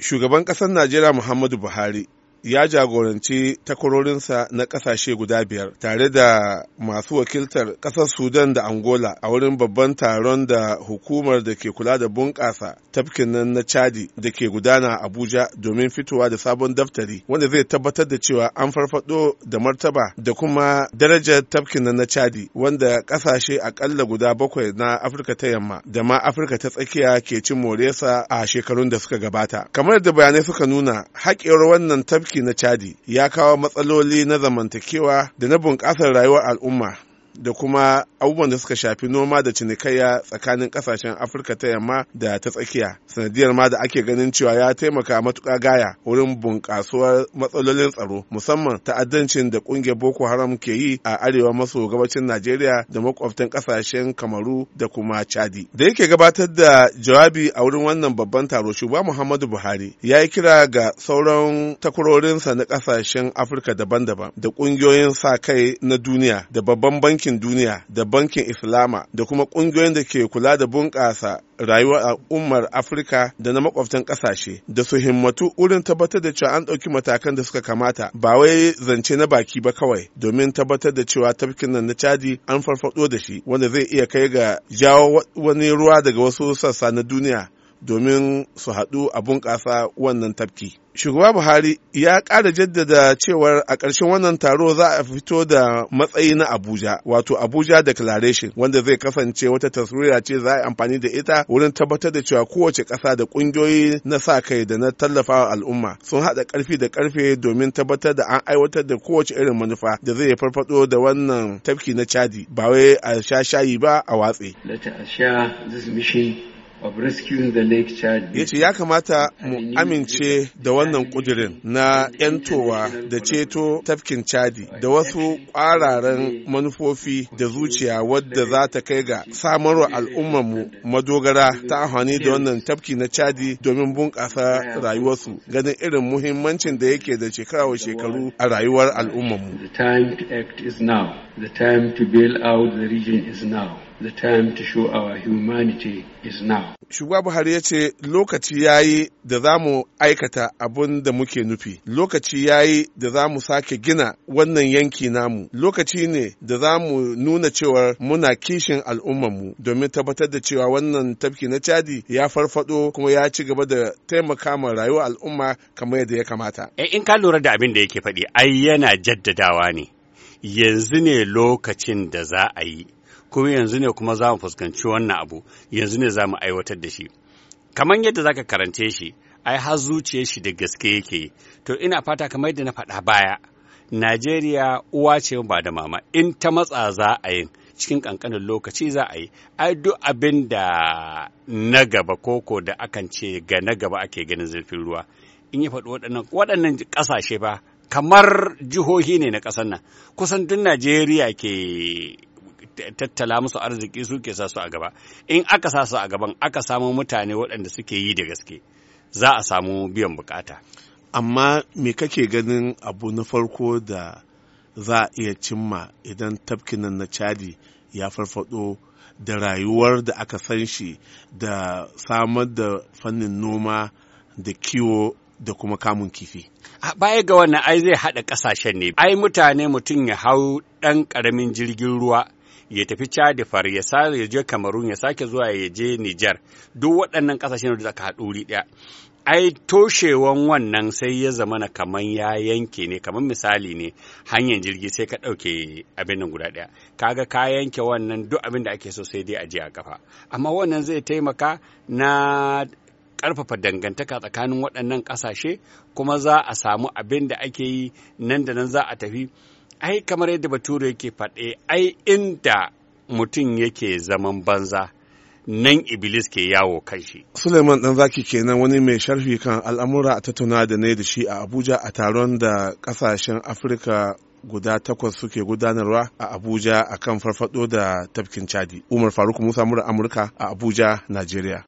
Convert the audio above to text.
Shugaban ƙasar Najeriya Muhammadu Buhari ya jagoranci takwarorinsa na ƙasashe guda biyar tare da masu wakiltar ƙasar Sudan da Angola a wurin babban taron da hukumar da ke kula da bunƙasa tafkin nan na Chadi da ke gudana Abuja domin fitowa da sabon daftari wanda zai tabbatar da cewa an farfado da martaba da kuma darajar tafkin nan na Chadi wanda ƙasashe aƙalla guda bakwai na Afirka ta yamma da ma Afirka ta tsakiya ke cin moresa a shekarun da suka gabata. Kamar da bayanai suka nuna haƙewar wannan tafkin mulki na Chadi ya kawo matsaloli na zamantakewa da na bunƙasar rayuwar al'umma da kuma abubuwan da suka shafi noma da cinikayya tsakanin kasashen afirka ta yamma da ta tsakiya sanadiyar ma da ake ganin cewa ya taimaka matuka gaya wurin bunkasuwar matsalolin tsaro musamman ta'addancin da ƙungiyar boko haram ke yi a arewa maso gabacin najeriya da makwabtan kasashen kamaru da kuma chadi da yake gabatar da jawabi a wurin wannan babban taro shugaba muhammadu buhari ya yi kira ga sauran takwarorinsa na kasashen afirka daban-daban da ƙungiyoyin sa kai na duniya da babban bankin bankin duniya da bankin islama da kuma ƙungiyoyin da ke kula da bunƙasa rayuwar al'ummar afirka da na makwabtan ƙasashe da su himmatu wurin tabbatar da cewa an ɗauki matakan da suka kamata ba wai zance na baki ba kawai domin tabbatar da cewa tafkin nan na cadi an farfado da shi wanda zai iya kai ga jawo wani ruwa daga wasu sassa na duniya domin su haɗu a bunƙasa wannan tafki. Shugaba Buhari ya ƙara jaddada cewar a ƙarshen wannan taro za a fito da matsayi na Abuja, wato Abuja Declaration, wanda zai kasance wata taswira ce za a yi amfani da ita wurin tabbatar da cewa kowace ƙasa da ƙungiyoyi na sa kai da na tallafawa al'umma sun haɗa ƙarfi da ƙarfe domin tabbatar da an aiwatar da kowace irin manufa da zai farfaɗo da wannan tafki na Chadi, ba wai a sha shayi ba a watse. Let us share this ya ce ya kamata mu amince da wannan kudirin na 'yantowa da ceto tafkin chadi da wasu ƙwararen manufofi da zuciya wadda za ta kai ga samarwa al'ummarmu madogara ta amfani da wannan tafki na chadi domin bunƙasa rayuwarsu ganin irin muhimmancin da yake da shekarawa shekaru a rayuwar al'ummarmu The time to bail out the region is now. The time to show our humanity is now. Shugaba Buhari ya ce lokaci ya yi da za mu aikata abun da muke nufi, lokaci ya yi da za mu sake gina wannan yanki namu, lokaci ne da za mu nuna cewar muna kishin al'ummanmu domin tabbatar da cewa wannan tafki na Chadi ya farfado kuma ya ci gaba da taimaka ma rayuwar al'umma kamar yadda ya kamata. Eh, in ka lura da abin da yake faɗi, ai yana jaddadawa ne, yanzu ne lokacin da za a yi. kuma yanzu ne kuma za mu fuskanci wannan abu yanzu ne za mu aiwatar da shi kamar yadda zaka karance shi ai har zuciyar shi da gaske yake to ina fata kamar yadda na faɗa baya Najeriya uwa ce ba da mama in ta matsa za a yi cikin kankanin lokaci za a yi ai duk abin da na gaba koko da akan ce ga na gaba ake ganin zurfin ruwa in ya faɗi waɗannan waɗannan ƙasashe ba kamar jihohi ne na ƙasar nan kusan duk Najeriya ke tattala musu arziki suke sa su a gaba in aka sa su a gaban aka samu mutane waɗanda suke yi da gaske za a samu biyan bukata amma me kake ganin abu na farko da za a iya cimma idan tafkinan na chadi ya farfado da rayuwar da aka san shi da samar da fannin noma da kiwo da kuma kamun kifi. Baya ga wannan ai zai haɗa ƙasashen ne. Ai mutane mutum ya hau ɗan ƙaramin jirgin ruwa ya tafi Chad far ya sa ya je kamarun ya sake zuwa ya je Nijar. duk waɗannan ƙasashe ƙasashen da aka haɗu wuri ɗaya ai toshewan wannan sai ya zama zamana kaman ya yanke ne kaman misali ne hanyar jirgi sai ka ɗauke abin nan guda ɗaya Ka ga ka yanke wannan duk abin da ake so sai dai a je a kafa amma wannan zai taimaka na ƙarfafa dangantaka tsakanin waɗannan ƙasashe kuma za a samu abin da ake yi nan da nan za a tafi ai kamar yadda bature yake faɗe ai inda mutum yake zaman banza nan iblis ke yawo kan shi. Suleiman dan zaki kenan wani mai sharhi kan al'amura a tattauna da ne da shi a Abuja a taron da ƙasashen Afirka guda takwas suke gudanarwa a Abuja akan farfado da tafkin Chadi. Umar Faruk Musa Mura Amurka a Abuja, Najeriya.